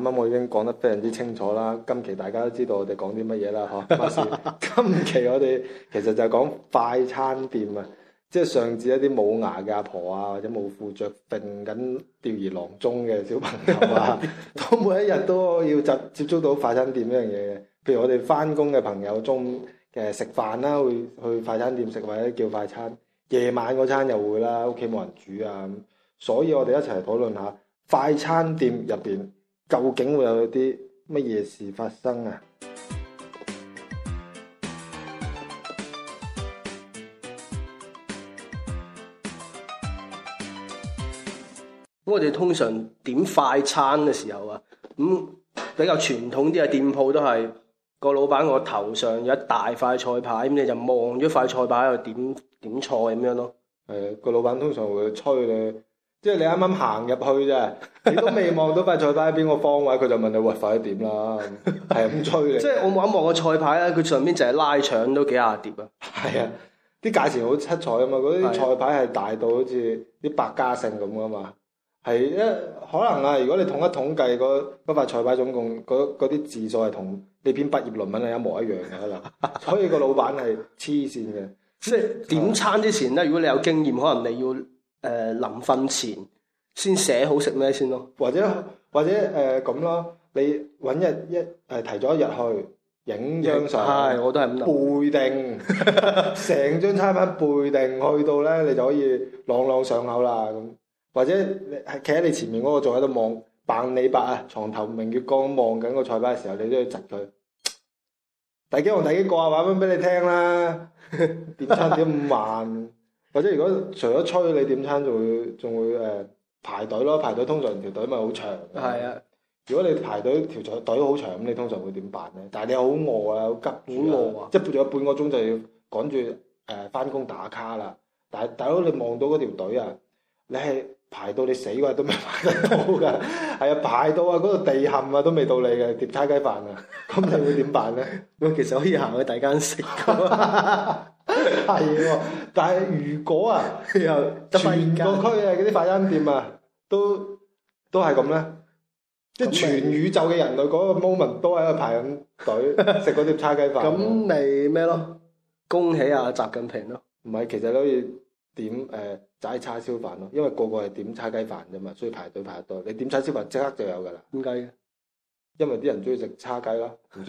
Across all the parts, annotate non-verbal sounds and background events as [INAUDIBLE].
啱，啱啱我已經講得非常之清楚啦。今期大家都知道我哋講啲乜嘢啦，嗬？ [LAUGHS] 今期我哋其實就係講快餐店啊，即係上至一啲冇牙嘅阿婆啊，或者冇褲著，定緊吊兒郎中嘅小朋友啊， [LAUGHS] 都每一日都要接接觸到快餐店呢樣嘢嘅。譬如我哋翻工嘅朋友，中午食飯啦、啊，會去快餐店食或者叫快餐；夜晚嗰餐又會啦，屋企冇人煮啊。所以我哋一齊討論下快餐店入邊。究竟會有啲乜嘢事發生啊？咁我哋通常點快餐嘅時候啊，咁、嗯、比較傳統啲嘅店鋪都係、個老闆我頭上有一大塊菜牌，咁你就望咗塊菜牌喺度點點菜咁樣咯。誒、嗯，個老闆通常會催你。即係你啱啱行入去啫，你都未望到塊菜牌喺邊個方位，佢就問你：喂，快啲點啦！係咁吹嘅， [LAUGHS] 即係我望一望個菜牌啦，佢上邊淨係拉腸都幾下碟啊。係啊，啲價錢好七彩啊嘛。嗰啲菜牌係大到好似啲百家姓咁噶嘛。係一、啊、可能啊，如果你統一統計嗰塊菜牌總共嗰啲字數係同你篇畢業論文係一模一樣嘅嗱。 [LAUGHS] 所以個老闆係黐線嘅。即係點餐之前咧，呢 [LAUGHS] 如果你有經驗，可能你要。誒、呃、臨瞓前先寫好食咩先咯，或者或者誒咁、呃、咯，你揾日一誒、呃、提咗一日去影張相、哎，我都背定成 [LAUGHS] 張餐牌背定，去到咧你就可以朗朗上口啦。咁或者係企喺你前面嗰個仲喺度望扮李白啊，牀頭明月光望緊個菜牌嘅時候，你都要窒佢。第幾行第幾個啊？話翻俾你聽啦， [LAUGHS] 點餐點五萬。或者如果除咗催你點餐，仲會仲會誒排隊咯，排隊通常條隊咪好長。係啊，如果你排隊條隊好長，咁你通常會點辦咧？但係你好餓啊，好急，好攰啊，即係仲有半個鐘就要趕住誒返工打卡啦。但係大佬你望到嗰條隊啊，你係排到你死都未排得到㗎，係啊，排到啊嗰個地陷啊都未到你嘅碟叉雞飯啊，咁你會點辦咧？咁其實可以行去第間食。係喎。但係如果啊， [LAUGHS] 全個區嘅嗰啲快餐店啊，都都係咁咧，即係 [LAUGHS] 全宇宙嘅人類嗰個 moment 都喺度排緊隊食嗰碟叉雞飯，啊。咁你咩咯？恭喜啊，習近平咯、啊！唔係，其實你可以點誒齋叉燒飯咯、啊，因為個個係點叉雞飯啫嘛，所以排隊排得多。你點叉燒飯即刻就有噶啦？點解？因為啲人中意食叉雞咯、啊，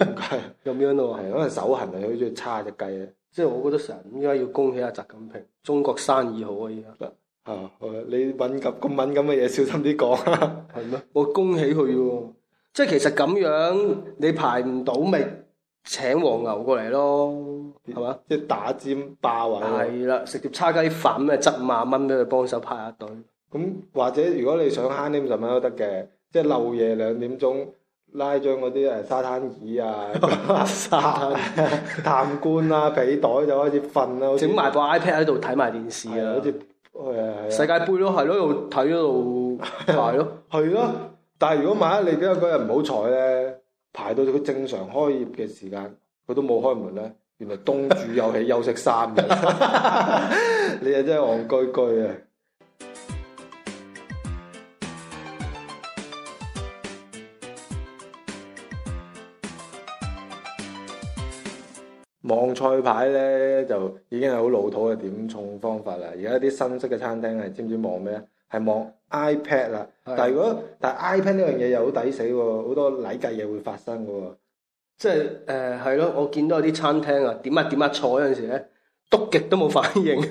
咁樣咯。係 [LAUGHS] 可能手痕係好中意叉隻雞啊！即係我覺得成日應該要恭喜阿習近平？中國生意好啊而家，嚇！你敏感咁敏感嘅嘢小心啲講。係咩嗎？我恭喜佢喎、啊。嗯、即係其實咁樣你排唔到咪請黃牛過嚟咯，係嘛、嗯？吧即係打尖霸位。係啦，食碟叉雞飯啊，執五萬蚊畀佢幫手派下隊。咁或者如果你想慳呢五十蚊都得嘅，即係漏夜兩點鐘。嗯拉張嗰啲誒沙灘椅啊，沙灘貪官啊，被袋就開始瞓啦、啊，整埋部 iPad 喺度睇埋電視啊，好似世界盃咯，係咯、啊，喺度睇，喺度排咯，係咯。但係如果萬一你今日嗰日唔好彩咧，排到佢正常開業嘅時間，佢都冇開門咧，原來東主有喜 [LAUGHS] 休息三日， [LAUGHS] 你啊真係戇居居啊！望菜牌咧，就已經係好老土嘅點餸方法啦。而家啲新式嘅餐廳係知唔知望咩？係望 iPad 啦。但係如果但係 iPad 呢樣嘢又好抵死喎，好多禮計嘢會發生嘅喎。即係誒係咯，我見到有啲餐廳啊，點啊點啊菜嗰陣時咧，督極都冇反應，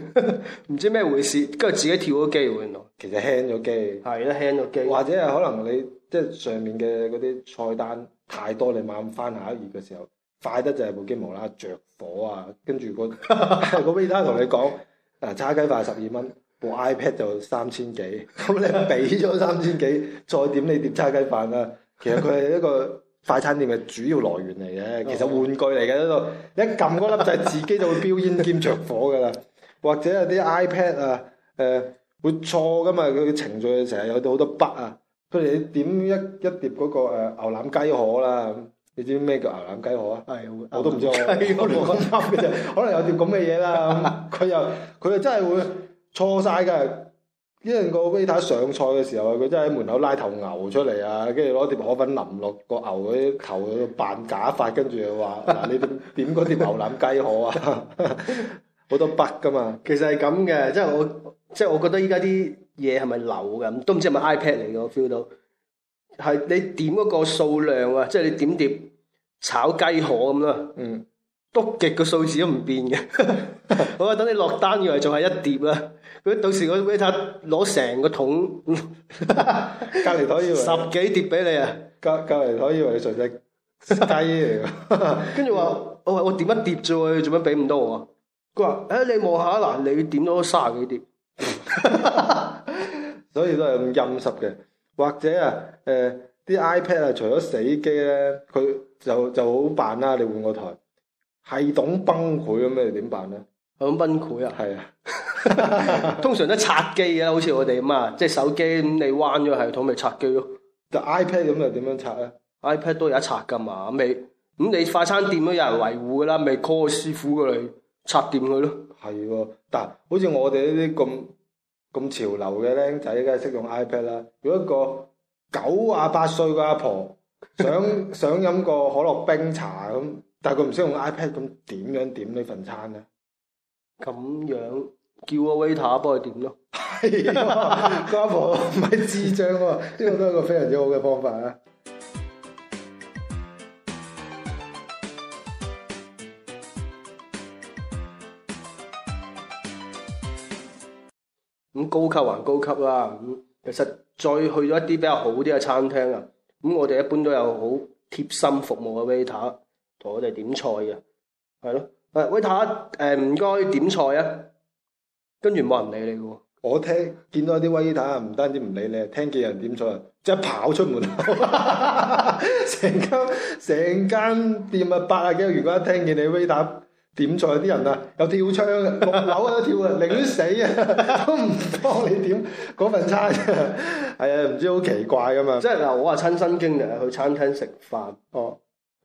唔 [LAUGHS] 知咩回事，跟住自己跳咗機喎。原來其實輕咗機，係啦，輕咗機，或者係可能你即係上面嘅嗰啲菜單太多，你慢翻下一頁嘅時候。快得就係部機冇啦，着火啊！跟住、嗰個個 b 同你講，嗱、 [LAUGHS] 啊、叉雞飯十二蚊，部 iPad 就三千幾。咁、嗯、你俾咗三千幾，再點你碟叉雞飯啊？其實佢係一個快餐店嘅主要來源嚟嘅，其實玩具嚟嘅，呢度一撳嗰粒就係自己就會飆煙兼着火㗎啦。 [LAUGHS] 或者係啲 iPad 啊，誒、呃、會錯㗎嘛？佢嘅程序成日有好多筆啊。譬如你點一一碟嗰、嗰個、呃、牛腩雞河啦。你知咩叫牛腩雞河啊？係、哎、呦我都唔知我，肉我亂講嘅啫。 [LAUGHS] 可能有碟咁嘅嘢啦。佢 [LAUGHS] 又佢又真係會錯晒嘅。因為個 waiter 上菜嘅時候佢真係喺門口拉頭牛出嚟啊，跟住攞碟河粉淋落個牛嗰啲球度扮假髮，跟住又話，你點點嗰碟牛腩雞河啊？好 [LAUGHS] 多筆噶嘛。其實係咁嘅，即係我即係、就是、我覺得依家啲嘢係咪流嘅？都唔知係咪 iPad 嚟嘅，我 feel 到。係你點嗰個數量啊？即、就、係、是、你點碟炒雞河咁啦，篤極個數字都唔變嘅。好 [LAUGHS] 啊，等你落單以為仲係一碟啦。佢到時我俾佢攞成個桶，隔籬台以為十幾碟俾你啊？隔隔籬台以為你純粹雞嚟。跟住話我話我點一碟啫，做乜俾唔到我？啊？」佢話誒，你望下嗱，你點咗三十幾碟， [LAUGHS] 所以都係咁陰濕嘅。或者啊，誒啲 iPad 啊，除咗死機咧，佢就就好辦啦。你換個台，系統崩潰咁，你點辦咧？咁、嗯、崩潰啊？係啊， [LAUGHS] 通常都拆機啊，好似我哋咁啊，即係手機咁，你彎咗系統咪拆機咯。但 iPad 咁又點樣拆咧？iPad 都有一拆噶嘛，咪咁你快餐店都有人維護噶啦，咪、啊、call 師傅過嚟拆掂佢咯。係喎、啊，但係好似我哋呢啲咁。咁潮流嘅僆仔梗係識用 iPad 啦，如果一個九啊八歲嘅阿婆想 [LAUGHS] 想飲個可樂冰茶咁，但係佢唔識用 iPad 咁，點樣點呢份餐咧？咁樣叫個 waiter 幫佢點咯。係啊， [LAUGHS] [LAUGHS] [LAUGHS] 個阿婆唔係智障喎、啊，呢、呢個都係一個非常之好嘅方法啊！咁高級還高級啦，咁其實再去咗一啲比較好啲嘅餐廳啊，咁我哋一般都有好貼心服務嘅 waiter 同我哋點菜嘅，係咯，誒 waiter 誒唔該點菜啊，跟住冇人理你嘅喎，我聽見到啲 waiter 唔單止唔理你，聽見人點菜啊，即係跑出門口，成 [LAUGHS] [LAUGHS] 間成間店啊八啊幾個如果一聽見你 waiter。點菜啲人啊，又跳窗嘅，六樓都跳啊，寧願死啊，都唔幫你點嗰份餐啊，係啊，唔知好奇怪噶嘛。即係嗱，我話親身經歷去餐廳食飯哦，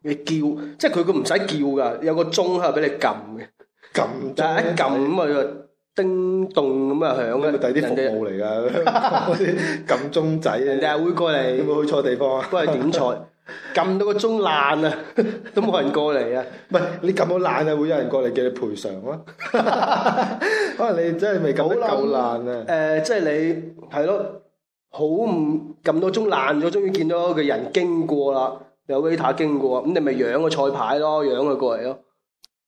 你叫即係佢佢唔使叫噶，有個鐘係俾你撳嘅，撳但係一撳啊叮咚咁啊響嘅，第啲服務嚟噶，撳鐘仔，你係會過嚟，有冇去錯地方啊？都係點菜。撳到個鐘爛啊，都冇人過嚟啊！唔係你撳到爛啊，會有人過嚟叫你賠償嗎？ [LAUGHS] [LAUGHS] 可能你真係未夠爛啊！誒、呃，即係你係咯，好唔撳到鐘爛咗，終於見到個人經過啦，有 waiter 經過啊，咁你咪養個菜牌咯，養佢過嚟咯，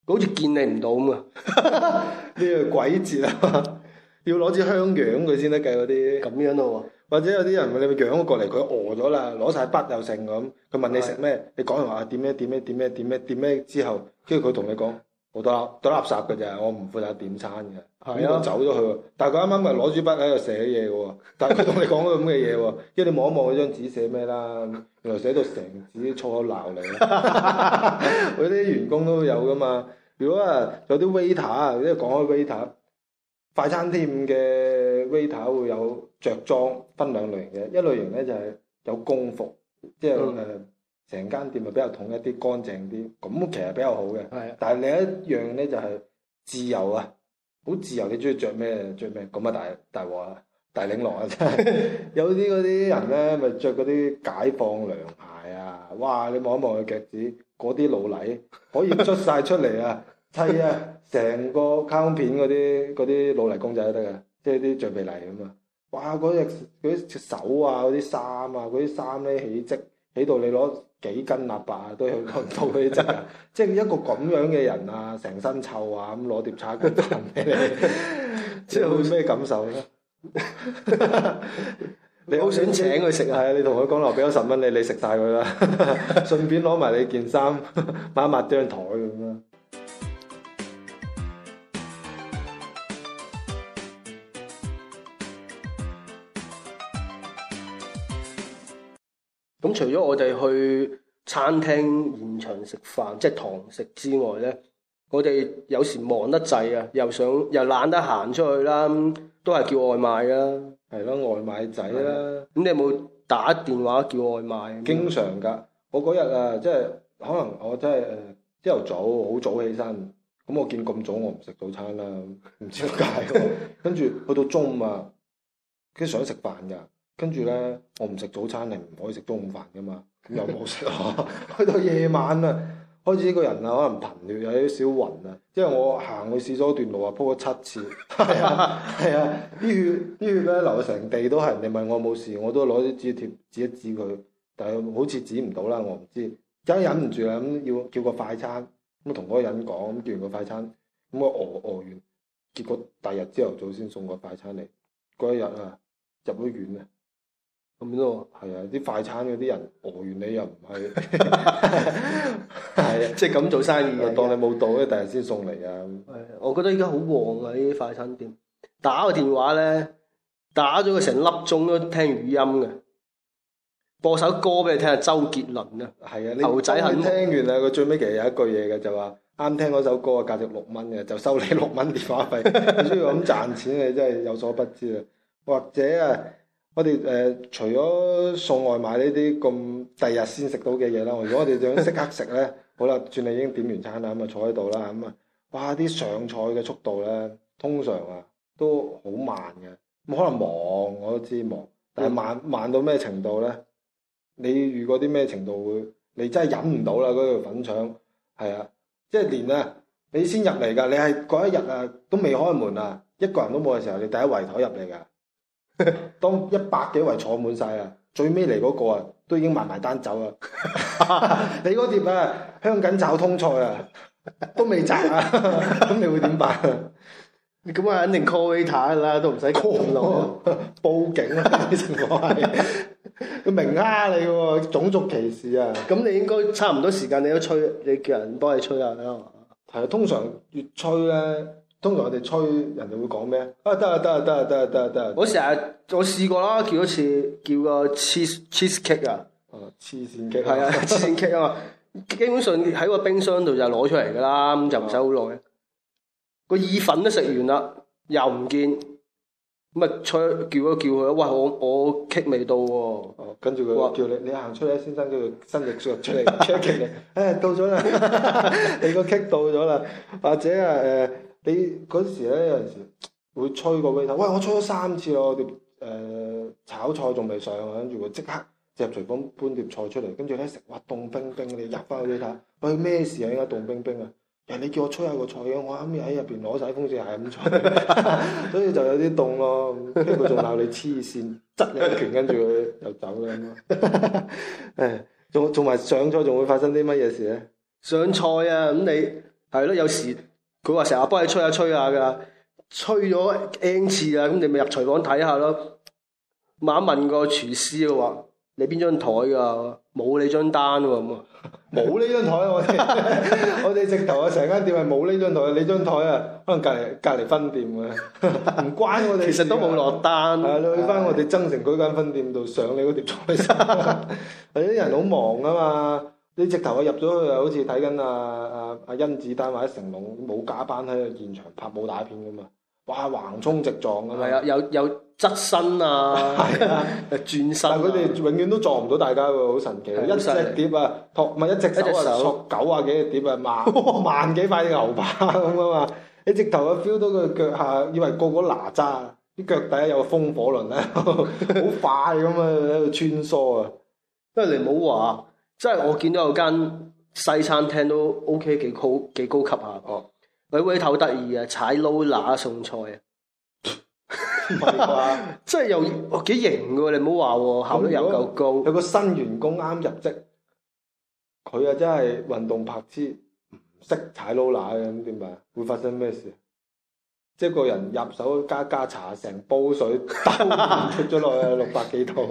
好似見你唔到咁啊！呢個鬼節啊，要攞支香養佢先得計嗰啲，咁 [LAUGHS] 樣咯喎。或者有啲人、嗯、你咪養過嚟，佢餓咗啦，攞晒筆又剩咁，佢問你食咩？是的 你講完話點咩？點咩？點咩？點咩？點咩？之後，跟住佢同你講，我倒倒垃圾嘅咋，我唔負責點餐嘅，啊，走咗去。但係佢啱啱咪攞住筆喺度寫嘢喎，但係佢同你講個咁嘅嘢喎，跟住 [LAUGHS] 你望一望嗰張紙寫咩啦？原來寫到成紙粗口鬧你，嗰啲 [LAUGHS] [LAUGHS] 員工都有噶嘛。如果啊有啲 waiter，即係講開 waiter。快餐店嘅 waiter 會有着裝，分兩類嘅。一類型咧就係、是、有工服，即係誒成間店咪比較統一啲、乾淨啲，咁其實比較好嘅。是的 但係另一樣咧就係、是、自由啊，好自由，你中意着咩着咩，咁啊大大鑊啊大檸樂啊，真係 [LAUGHS] 有啲嗰啲人咧咪着嗰啲解放涼鞋啊，哇！你望一望佢腳趾，嗰啲老泥可以出晒出嚟啊！ [LAUGHS] 係啊，成 [LAUGHS] 個卡通片嗰啲啲老泥公仔都得㗎，即係啲橡皮泥咁啊！哇，嗰隻手啊，嗰啲衫啊，嗰啲衫咧起積起到你攞幾斤垃圾啊都有攞到佢真、啊，即係一個咁樣嘅人啊，成身臭啊咁攞碟叉佢都唔俾你， [LAUGHS] 即係咩感受咧？ [LAUGHS] [LAUGHS] 你好想請佢食啊？係啊， [LAUGHS] 你同佢講話俾我十蚊，你你食晒佢啦， [LAUGHS] 順便攞埋你件衫抹一抹張台咁啦。咁除咗我哋去餐廳現場食飯，即係堂食之外咧，我哋有時忙得滯啊，又想又懶得行出去啦，都係叫外賣啦，係咯外賣仔啦。咁的你有冇打電話叫外賣？經常噶，我嗰日啊，即係可能我真係朝頭早好早起身，咁我見咁早我唔食早餐啦，唔知點解，跟住 [LAUGHS] 去到中午啊，跟住想食飯噶。跟住咧，我唔食早餐，你唔可以食中午飯噶嘛？又冇食，去到夜晚啊，開始個人啊，可能貧血有啲少暈啊。因為我行去廁所段路啊，鋪咗七次，係啊係啊，啲血啲血咧流成地都係。人哋問我冇事，我都攞啲紙貼指一指佢，但係好似指唔到啦，我唔知。而家忍唔住啦，咁要叫個快餐，咁同嗰人講，咁叫完個快餐，咁啊餓餓完，結果第二日朝頭早先送個快餐嚟，嗰一日啊入咗院啊。咁咯，係啊！啲快餐嗰啲人餓完你又唔係，係啊！即係咁做生意，又當你冇到，第日先送嚟啊！係，我覺得依家好旺啊！呢啲快餐店打個電話咧，打咗佢成粒鐘都聽語音嘅，播首歌俾你聽下，周杰倫啊，係啊，牛仔很忙。聽完啊。佢最尾其實有一句嘢嘅，就話啱聽嗰首歌啊，價值六蚊嘅，就收你六蚊電話費。你如果咁賺錢，你真係有所不知啊！或者啊～我哋誒、呃、除咗送外賣呢啲咁第日先食到嘅嘢啦， [LAUGHS] 如果我哋想即刻食咧，好啦，算你已經點完餐啦，咁啊坐喺度啦，咁、嗯、啊，哇啲上菜嘅速度咧，通常啊都好慢嘅，咁可能忙我都知忙，但係慢慢到咩程度咧？你遇過啲咩程度會？你真係忍唔到啦！嗰條粉腸係啊，即係連啊，你先入嚟㗎，你係嗰一日啊都未開門啊，一個人都冇嘅時候，你第一圍台入嚟㗎。 [NOISE] 當一百幾圍坐滿晒啦，最尾嚟嗰個啊都已經埋埋單走啦，啊。 [LAUGHS] 你嗰碟啊香梗炒通菜啊都未賺啊，咁 [LAUGHS] 你會點辦，啊？咁啊肯定 call waiter 啦，都唔使 call 唔到，報警啦啲情況係。個明蝦你喎、啊，種族歧視啊！咁 [LAUGHS] 你應該差唔多時間，你都催，你叫人幫你催下啦。係啊，你 [LAUGHS] 通常越催咧。通常我哋催，人哋會講咩？啊得啊，得啊，得啊，得啊，得啦得啦！我成日我試過啦，叫一次叫個 cheese cheese cake 啊，啊、哦，黐線劇係啊，黐線劇啊，基本上喺個冰箱度就攞出嚟噶啦，咁就唔使好耐。哦、個意粉都食完啦，又唔見，咁啊催叫一叫佢，喂，我我 cake 未到喎，跟住佢話叫你說你行出嚟，先生叫新力叔出嚟 check 你，誒笑呵、哎，到咗啦， [LAUGHS] 你個 cake 到咗啦，或者啊誒。呃你嗰時咧有陣時會吹個微波，喂！我吹咗三次咯，我哋炒菜仲未上，跟住佢即刻入廚房搬碟菜出嚟，跟住咧食，哇！凍冰冰你入翻去睇，喂！咩事啊？依家凍冰冰啊！人哋叫我吹下個菜嘅，我啱啱喺入邊攞晒啲風扇，係咁吹，所以就有啲凍咯。跟住佢仲鬧你黐線，執你一拳。跟住佢又走啦咁咯。誒，仲仲埋上菜仲會發生啲乜嘢事咧？上菜啊！咁你係咯，有時。佢話成日幫你吹下吹下㗎，吹咗 N 次啊！咁你咪入廚房睇下咯。問一問個廚師 [LAUGHS] 我，我話你邊張台㗎？冇你張單喎，咁啊冇呢張台啊！我哋我哋直頭啊，成間店係冇呢張台你張台啊，可能隔離隔離分店啊，唔 [LAUGHS] 關我哋。其實都冇落單。係啊，你去翻我哋增城嗰間分店度上你嗰碟菜先。有啲 [LAUGHS] [LAUGHS] 人好忙啊嘛～你直頭啊入咗去好似睇緊阿阿阿甄子丹或者成龍冇打班喺度現場拍武打片咁啊！哇，橫衝直撞啊！係啊，有有側身啊，係啊， [LAUGHS] 轉身。但係佢哋永遠都撞唔到大家喎，好神奇！一隻碟啊，托唔係一隻手啊，托九啊幾隻碟啊，萬 [LAUGHS] 萬幾塊牛扒咁啊嘛！你直頭啊 feel 到佢腳下，以為個個哪吒啲腳底有個風火輪咧，好 [LAUGHS] 快咁啊喺度穿梭啊！即係 [LAUGHS] 你冇話。即係我見到有間西餐廳都 OK，幾高幾高級下。哦，佢位頭得意啊踩撈乸送菜啊！唔係啩？即係又哦幾型嘅，你唔好話喎，效率又夠高。有個新員工啱入職，佢啊真係運動白痴，唔識踩撈乸嘅咁點辦？會發生咩事？即係個人入手加加茶成煲水，出咗落去 [LAUGHS] 六百幾套。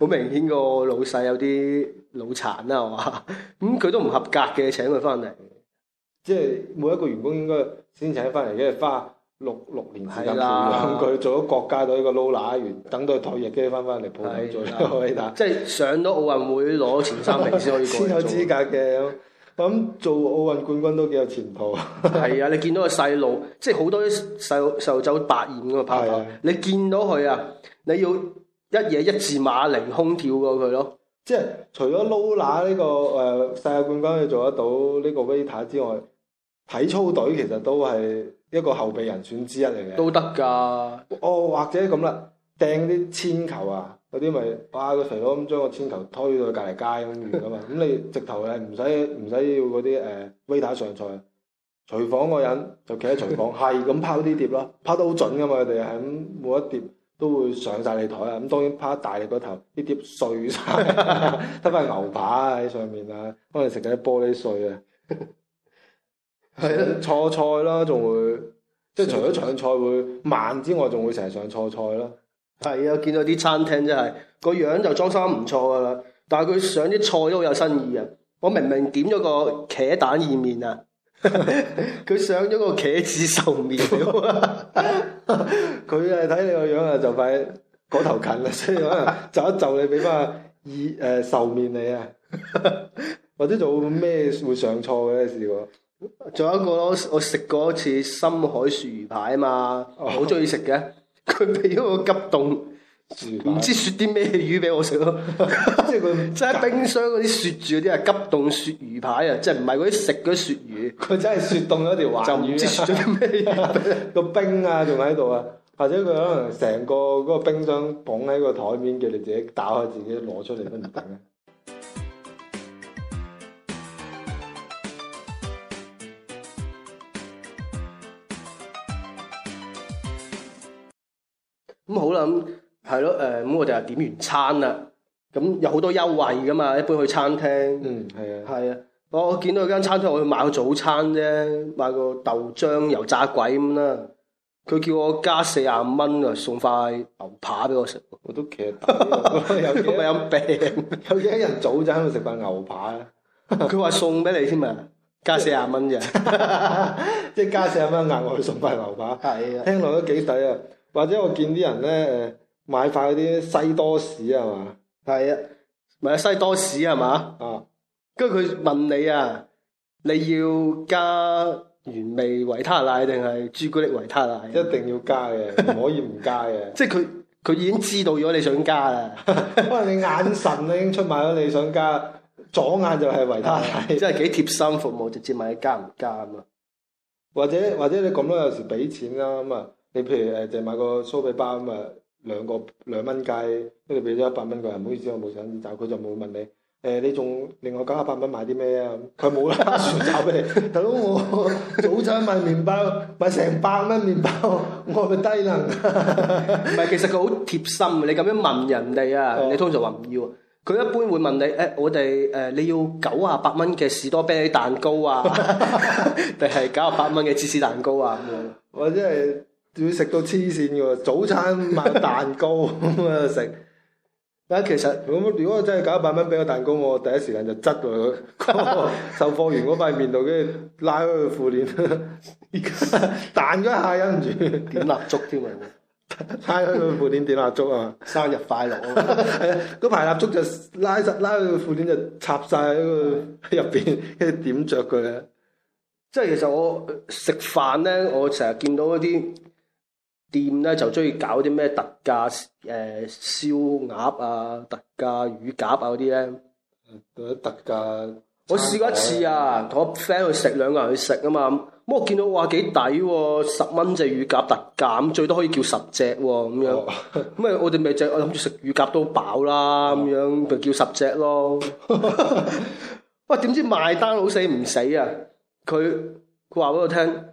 好 [LAUGHS] 明顯，這個老細有啲腦殘啦，係嘛？咁、嗯、佢都唔合格嘅，請佢翻嚟，即係每一個員工應該先請翻嚟，因為花六六年時間培養佢，做咗國家隊嘅撈拿員，等到佢退役先翻翻嚟鋪台再開打。的 [LAUGHS] 即係上到奧運會攞前三名先可以過 [LAUGHS] 有資格嘅。 [LAUGHS] 咁做奧運冠軍都幾有前途啊！係啊，你見到個細路，即係好多啲細路受就白練噶嘛，跑跑，你見到佢啊，你要一嘢一字馬凌空跳過佢咯即。即係除咗 Lola 呢、呢個誒、呃、世界冠軍佢做得到呢個威塔、er、之外，體操隊其實都係一個後備人選之一嚟嘅。都得㗎。哦，或者咁啦，掟啲籤球啊！嗰啲咪哇個肥佬咁將個籤球推到隔離街咁遠噶嘛？咁你直頭咧，唔使唔使要嗰啲誒威打上菜，廚房個人就企喺廚房係咁拋啲碟咯，拋得好準噶嘛？佢哋係咁，每一碟都會上晒你台啊！咁當然拋大力個頭，啲碟碎晒。得塊牛扒喺上面啊，可能食緊啲玻璃碎啊。係啊， [LAUGHS] 錯菜啦，仲會即係除咗上菜會慢之外，菜菜，仲會成日上錯菜啦。係啊，見到啲餐廳真係個樣就裝修唔錯噶啦，但係佢上啲菜都好有新意啊！我明明點咗個茄蛋意麵啊，佢 [LAUGHS] 上咗個茄子壽麵啊！佢啊睇，你個樣啊，就快過頭近啦，所以可能就一就你俾翻意誒壽麵你啊！或者做咩會上錯嘅？試過？仲有一個我食過一次深海鱈魚排啊嘛，好中意食嘅。佢俾咗個急凍，唔吧知雪啲咩魚俾我食咯，即係佢即係冰箱嗰啲雪住嗰啲啊，急凍鱈魚排啊，即係唔係嗰啲食嗰啲鱈魚？佢真係雪凍咗條皖魚， [LAUGHS] 就唔知雪咗啲咩？個 [LAUGHS] [LAUGHS] 冰啊，仲喺度啊，或者佢可能成個嗰冰箱捧喺個台面，嘅，你自己打開自己攞出嚟都唔定。 [LAUGHS] 咁好啦，咁係咯，誒，咁我哋就點完餐啦。咁有好多優惠噶嘛，一般去餐廳。嗯，係啊、嗯。係啊，我見到間餐廳，我去買個早餐啫，買個豆漿油炸鬼咁啦。佢叫我加四啊蚊啊，送塊 [LAUGHS] 牛扒俾 [LAUGHS] [LAUGHS] 我食。我都企得，又今日有病，有幾日早餐喺度食塊牛扒。佢話送俾你添啊，加四啊蚊啫，即係加四啊蚊額外送塊牛扒。係啊，聽落都幾抵啊！或者我見啲人咧，誒買塊啲西多士係嘛？係啊，咪西多士係嘛？啊，跟住佢問你啊，你要加原味維他奶定係朱古力維他奶？他奶一定要加嘅，唔可以唔加嘅。 [LAUGHS] 即係佢佢已經知道咗你想加啦，可 [LAUGHS] 能 [LAUGHS] 你眼神都已經出賣咗你想加，左眼就係維他奶。真係幾貼心服務，直接問你加唔加咁啊？或者或者你咁多有時俾錢啦咁啊？你譬如誒，就買個酥皮包咁啊，兩個兩蚊雞，跟住俾咗一百蚊個人，唔好意思，我冇想找，佢就冇問你。誒、欸，你仲另外九啊八蚊買啲咩啊？佢冇啦，算找俾你。大佬， [LAUGHS] 我早餐買麵包，買成百蚊麵包，我咪低能？唔 [LAUGHS] 係，其實佢好貼心。你咁樣問人哋啊，你通常話唔要，佢一般會問你誒、欸，我哋誒、呃、你要九啊八蚊嘅士多啤梨蛋糕啊，定係九啊八蚊嘅芝士蛋糕啊？或者係。要食到黐線嘅喎，早餐賣蛋糕咁啊食。但 [LAUGHS] [LAUGHS] 其實，如果如果真係搞一百蚊俾個蛋糕我，第一時間就執到佢，售貨員嗰塊面度，跟住拉開個褲鏈，彈咗一下，忍唔住點蠟燭添啊！拉開個褲鏈點蠟燭啊嘛！嗯、蠟燭啊 [LAUGHS] 生日快樂！係啊， [LAUGHS] 嗰排蠟燭就拉拉開個褲鏈就插晒喺個入邊，跟住 [LAUGHS] 點着佢。即係 [LAUGHS] [LAUGHS] 其實我食飯咧，我成日見到一啲。店咧就中意搞啲咩特價誒燒鴨啊特價乳鴿啊嗰啲咧，特價我試過一次啊，同我個 friend 去食兩個人去食啊嘛，咁我見到話幾抵喎，十蚊隻乳鴿特價，咁最多可以叫十隻喎咁樣，咁 [LAUGHS] 啊我哋咪就諗住食乳鴿都飽啦咁樣，就叫十隻咯。喂、 [LAUGHS] 哎，點知埋單好死唔死啊？佢佢話俾我聽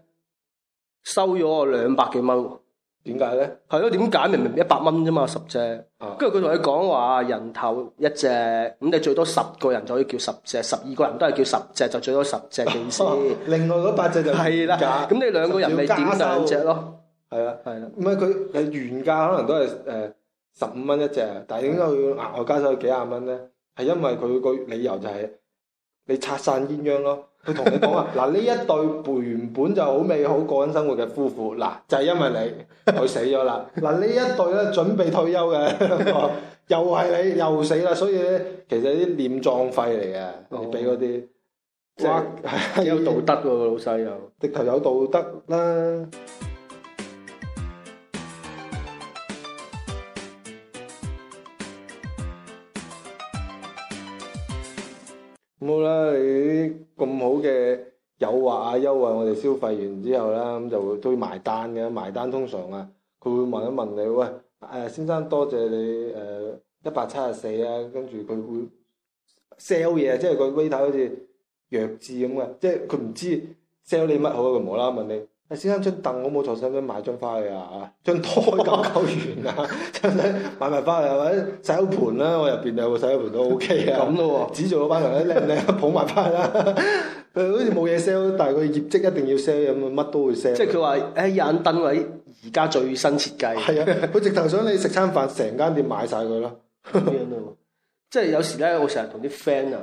收咗我兩百幾蚊。點解咧？係咯，點解？ [NOISE] 明明一百蚊啫嘛，十隻。啊、跟住佢同你講話，人頭一隻，咁你最多十個人就可以叫十隻，十二個人都係叫十隻，就最多十隻嘅意思。啊、另外嗰八隻就係價。咁、 [NOISE] 嗯、你兩個人咪點兩隻咯？係啦，係啦。唔係佢原價可能都係誒十五蚊一隻，但係點解佢額外加收幾廿蚊咧？係因為佢個理由就係你拆散鴛鴦咯。佢同你講啊，嗱呢一對原本就好美好過緊生活嘅夫婦，嗱就係因為你佢死咗啦，嗱呢一對咧準備退休嘅，又係你又死啦，所以咧其實啲殮葬費嚟嘅，你俾嗰啲，哇有道德嘅老細又，直頭有道德啦，冇啦你。咁好嘅誘惑啊，優惠我哋消費完之後啦，咁就都會埋單嘅，埋單通常啊，佢會問一問你，喂，誒，先生多謝你，誒一百七十四啊，跟住佢會 sell 嘢，即係個 waiter 好似弱智咁嘅，即係佢唔知 sell 你乜好，佢冇啦啦問你。先生，張凳我冇坐，使唔使買張翻去啊？張枱搞搞完啊，使唔使買埋翻去？或者洗手盆啦，我入邊有部洗手盆都 OK 啊。咁咯，指住老闆娘咧，靚唔靚？捧埋翻去啦，佢好似冇嘢 sell，但係佢業績一定要 sell 咁、欸、啊，乜都會 sell。即係佢話誒，盞凳位而家最新設計，係啊，佢直頭想你食餐飯，成間店買晒佢咯。咁樣咯，即、嗯、係、就是、有時咧，我成日同啲 friend 啊，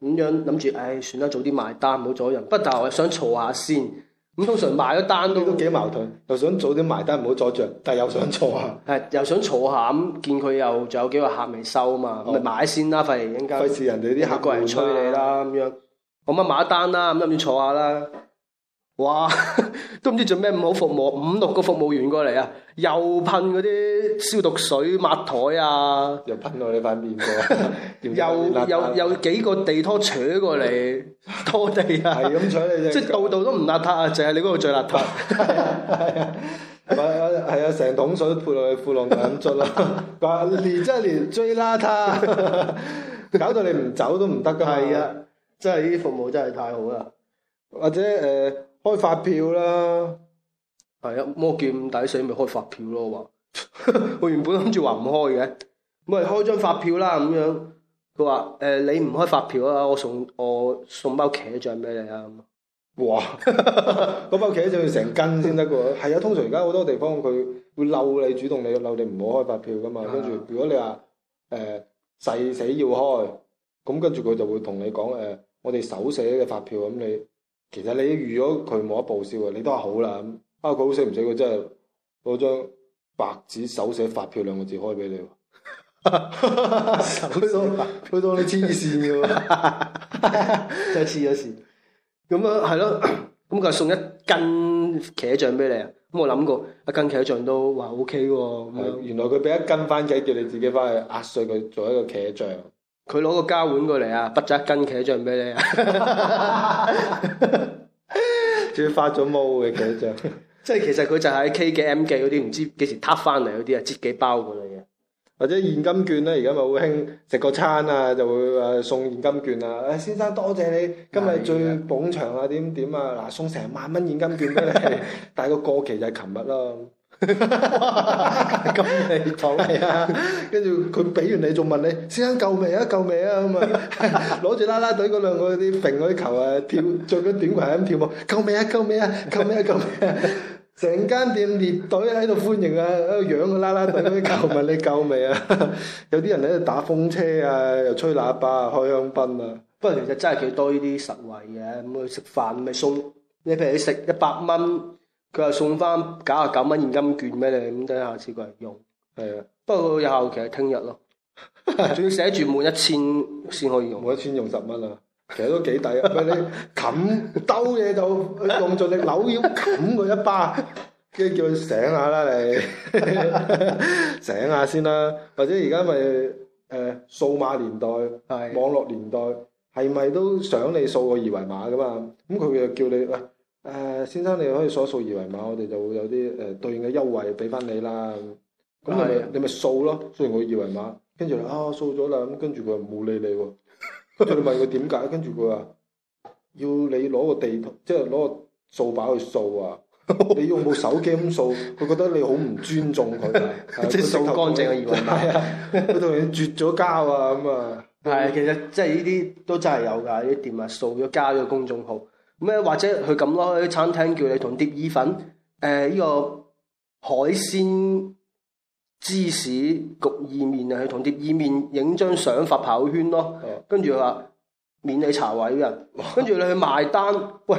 咁樣諗住，唉，算啦，早啲埋單，冇咗人。不過我係想嘈下先下。咁通常買咗單都幾矛盾，又想早啲埋單唔好阻着，但係又想坐下，係又想坐下咁，見佢又仲有幾個客未收嘛，咪、哦、買先啦，費事人家費事人哋啲客人催你啦咁、啊、樣，咁乜買一單啦，咁點唔坐下啦？哇，都唔知做咩唔好服務，五六個服務員過嚟啊，又噴嗰啲消毒水抹台啊，又噴落你塊面過， [LAUGHS] 又辣辣又有幾個地拖扯過嚟拖地啊，係咁扯你啫，即係度度都唔邋遢啊，淨係你嗰度最邋遢，係啊，係啊，成桶、啊、水潑落去褲浪咁捽啦，連即係連最邋遢， [LAUGHS] 搞到你唔走都唔得噶，係 [LAUGHS] 啊，真係呢啲服務真係太好啦， [LAUGHS] 或者誒。呃開發票啦，係啊，摸劍抵死咪開發票咯。話我， [LAUGHS] 我原本諗住話唔開嘅，咁咪開張發票啦。咁樣佢話：誒、呃，你唔開發票啊？我送我送包茄醬俾你啊！ [LAUGHS] 哇，嗰 [LAUGHS] 包茄醬要成斤先得噶。係 [LAUGHS] [LAUGHS] 啊，通常而家好多地方佢會嬲你，主動你嬲你唔好開發票噶嘛。跟住、啊、如果你話，誒、呃、誓死要開，咁跟住佢就會同你講：誒，我哋手寫嘅發票咁你。其實你預咗佢冇得報銷嘅，你都好啦。啊，佢好死唔死？佢真係攞張白紙手寫發票兩個字開俾你，佢當佢當你黐線嘅，真係黐咗線。咁樣係咯，咁佢送一斤茄醬俾你啊？咁我諗過一斤茄醬都話 OK 喎。原來佢俾一斤番茄叫你自己翻去壓碎佢，做一個茄醬。佢攞個膠碗過嚟啊，撥咗一斤茄醬俾你啊，仲 [LAUGHS] 要 [LAUGHS] 發咗毛嘅茄醬， [LAUGHS] 即係其實佢就喺 K 記、M 記嗰啲，唔知幾時撻翻嚟嗰啲啊，折幾包過嚟嘅。或者現金券咧，而家咪好興食個餐啊，就會話送現金券啊，誒先生多謝你，今日最捧場啊，點點啊，嗱送成萬蚊現金券俾你， [LAUGHS] 但係個過期就係琴日咯。哈哈哈哈哈！金利土係啊，跟住佢俾完你，仲問你：先生救命啊！救命啊！咁啊，攞住啦啦隊嗰兩個啲揈嗰啲球啊，跳著嗰啲短裙咁跳舞，救命啊！救命啊！救命啊！救命啊！成間店列隊喺度歡迎啊，個樣個啦啦隊嗰啲救問你救未啊？有啲人喺度打風車啊，又吹喇叭啊，開香檳啊。不過其實真係幾多呢啲實惠嘢，咁去食飯咪送。你譬如你食一百蚊。佢話送翻九啊九蚊現金券畀你，咁等下次過嚟用。係啊，不過有效期聽日咯。仲要寫住滿一千先可以用。每一千用十蚊啊，其實都幾抵啊！唔係你冚兜嘢，就用盡力扭腰冚佢一巴，跟住叫佢醒下啦，你醒下先啦。或者而家咪誒數碼年代、網絡年代，係咪都想你掃個二維碼噶嘛？咁佢又叫你喂。誒，先生你可以掃一掃二維碼，我哋就會有啲誒對應嘅優惠俾翻你啦。咁你咪的你咪掃咯，掃完個二維碼，跟住啊掃咗啦，咁跟住佢冇理你喎。你問佢點解？跟住佢話要你攞個地圖，即係攞個掃把去掃啊！你用部手機咁掃，佢覺得你好唔尊重佢，即係掃乾淨嘅二維碼，佢同你絕咗交啊！咁啊，係其實即係呢啲都真係有㗎，啲店啊掃咗加咗公眾號。咩？或者去咁多喺餐廳叫你同碟意粉，誒、呃、呢、這個海鮮芝士焗意麵啊，去同碟意麵影張相發朋友圈咯。跟住佢話免你茶位啊，跟住哇你去埋單，喂，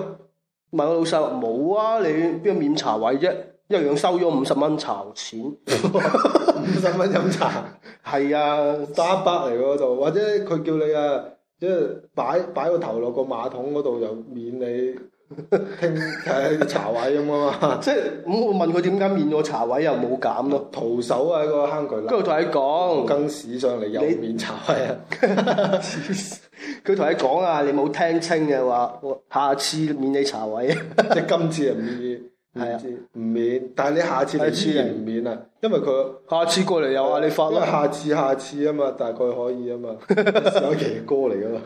問個老細話冇啊，你邊有免茶位啫？一樣收咗五十蚊茶錢，五十蚊飲茶，係 [LAUGHS] 啊，三百嚟嗰度，或者佢叫你啊～即係擺擺個頭落個馬桶嗰度，又免你聽誒 [LAUGHS] 茶位咁啊嘛！ [LAUGHS] [LAUGHS] 即係咁我問佢點解免我茶位又冇減咯？徒手啊個坑渠，說 [LAUGHS] 跟住同你講，更屎上嚟又免茶位啊！佢 [LAUGHS] 同 [LAUGHS] [LAUGHS] 你講啊，你冇聽清嘅話，下次免你茶位， [LAUGHS] 即係今次又唔免。係啊，唔免，但係你下次一次唔免啊！因為佢下次過嚟又話你發啦，下次下次啊嘛，大概可以啊嘛， [LAUGHS] 首期歌嚟噶嘛。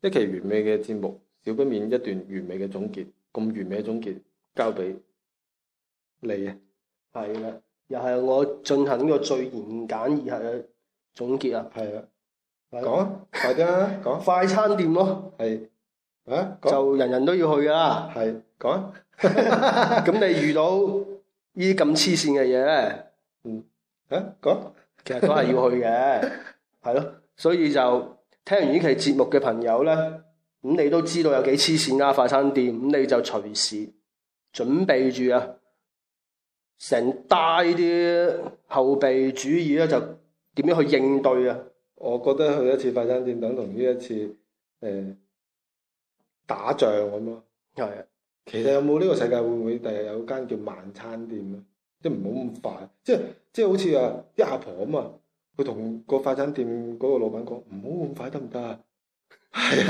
一期完美嘅節目，少不免一段完美嘅總結，咁完美嘅總結交俾你啊！係啦，又係我進行呢個最嚴謹而係總結啊，係的啊，講啊，快啲啊，講快餐店咯，係，啊，的啊啊就人人都要去噶啦，係，講啊，咁、啊、 [LAUGHS] 你遇到呢啲咁黐線嘅嘢咧，嗯，啊，講、啊，其實都係要去嘅，係咯 [LAUGHS] 的，所以就聽完呢期節目嘅朋友咧，咁你都知道有幾黐線啊，快餐店，咁你就隨時準備住啊，成堆啲後備主意咧就。點樣去應對啊？我覺得去一次快餐店等同於一次誒、呃、打仗咁咯。係啊，其實，其實有冇呢個世界會唔會第日有間叫慢餐店啊？即係唔好咁快，即係即係好似啊啲阿婆咁啊，佢同個快餐店嗰個老闆講唔好咁快得唔得啊？係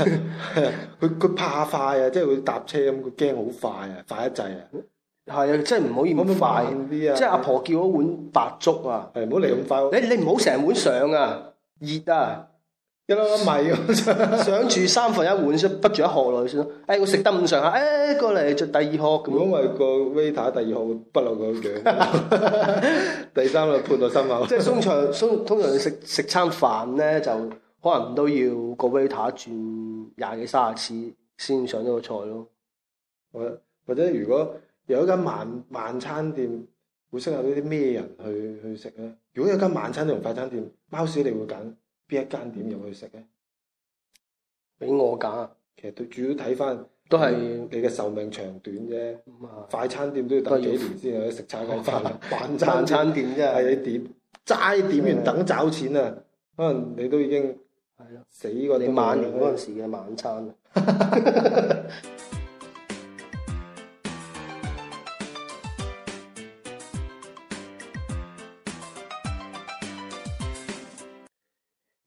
啊，佢佢 [LAUGHS] 怕快啊，即係佢搭車咁，佢驚好快啊，快得滯啊。係啊，真係唔可以咁快。啲啊。即係阿婆，婆叫我一碗白粥啊。誒、嗯，唔好嚟咁快，啊你。你你唔好成碗上啊，熱啊。一粒粒米咁上，上住三分一碗先，潷住一殼落去先咯。誒、哎，我食得唔上下，誒、哎，過嚟就第二殼。如果咪個 waiter 第二殼潷落個腳， [LAUGHS] 第三就判到心口。即係通常，通通常食食餐飯咧，就可能都要個 waiter 轉廿幾卅次先上咗個菜咯。或 [LAUGHS] 或者如果？有一間晚晚餐店會適合呢啲咩人去去食咧？如果有間晚餐同快餐店，貓屎你會揀邊一間點入去食咧？俾我揀啊！其實都主要睇返，都係你嘅壽命長短啫。是快餐店都要等幾年先有得食餐，個餐。晚餐店啫，係 [LAUGHS] 你點齋點完等找錢啊！的可能你都已經死過 [LAUGHS] 你晚年嗰陣時嘅晚餐。 [LAUGHS]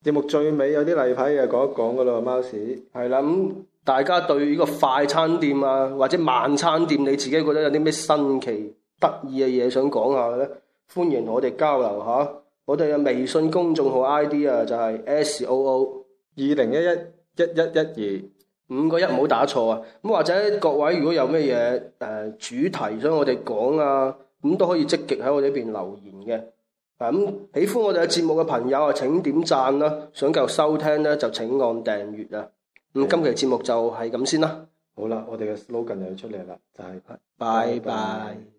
節目最尾有啲例牌嘅，講一講噶啦，貓屎係啦咁，大家對呢個快餐店啊或者晚餐店，你自己覺得有啲咩新奇得意嘅嘢，想講下咧？歡迎我哋交流下，我哋嘅微信公眾號 I D 啊就係、是、S O O 二零一一一一一二五個一唔好打錯啊咁，或者各位如果有咩嘢誒主題想我哋講啊，咁、嗯、都可以積極喺我呢邊留言嘅。咁喜歡我哋嘅節目嘅朋友啊，請點贊啦！想繼續收聽咧，就請按訂閱啦！咁是的 今期節目就係咁先啦。好啦，我哋嘅 slogan 又要出嚟啦，就係、是、拜拜。Bye bye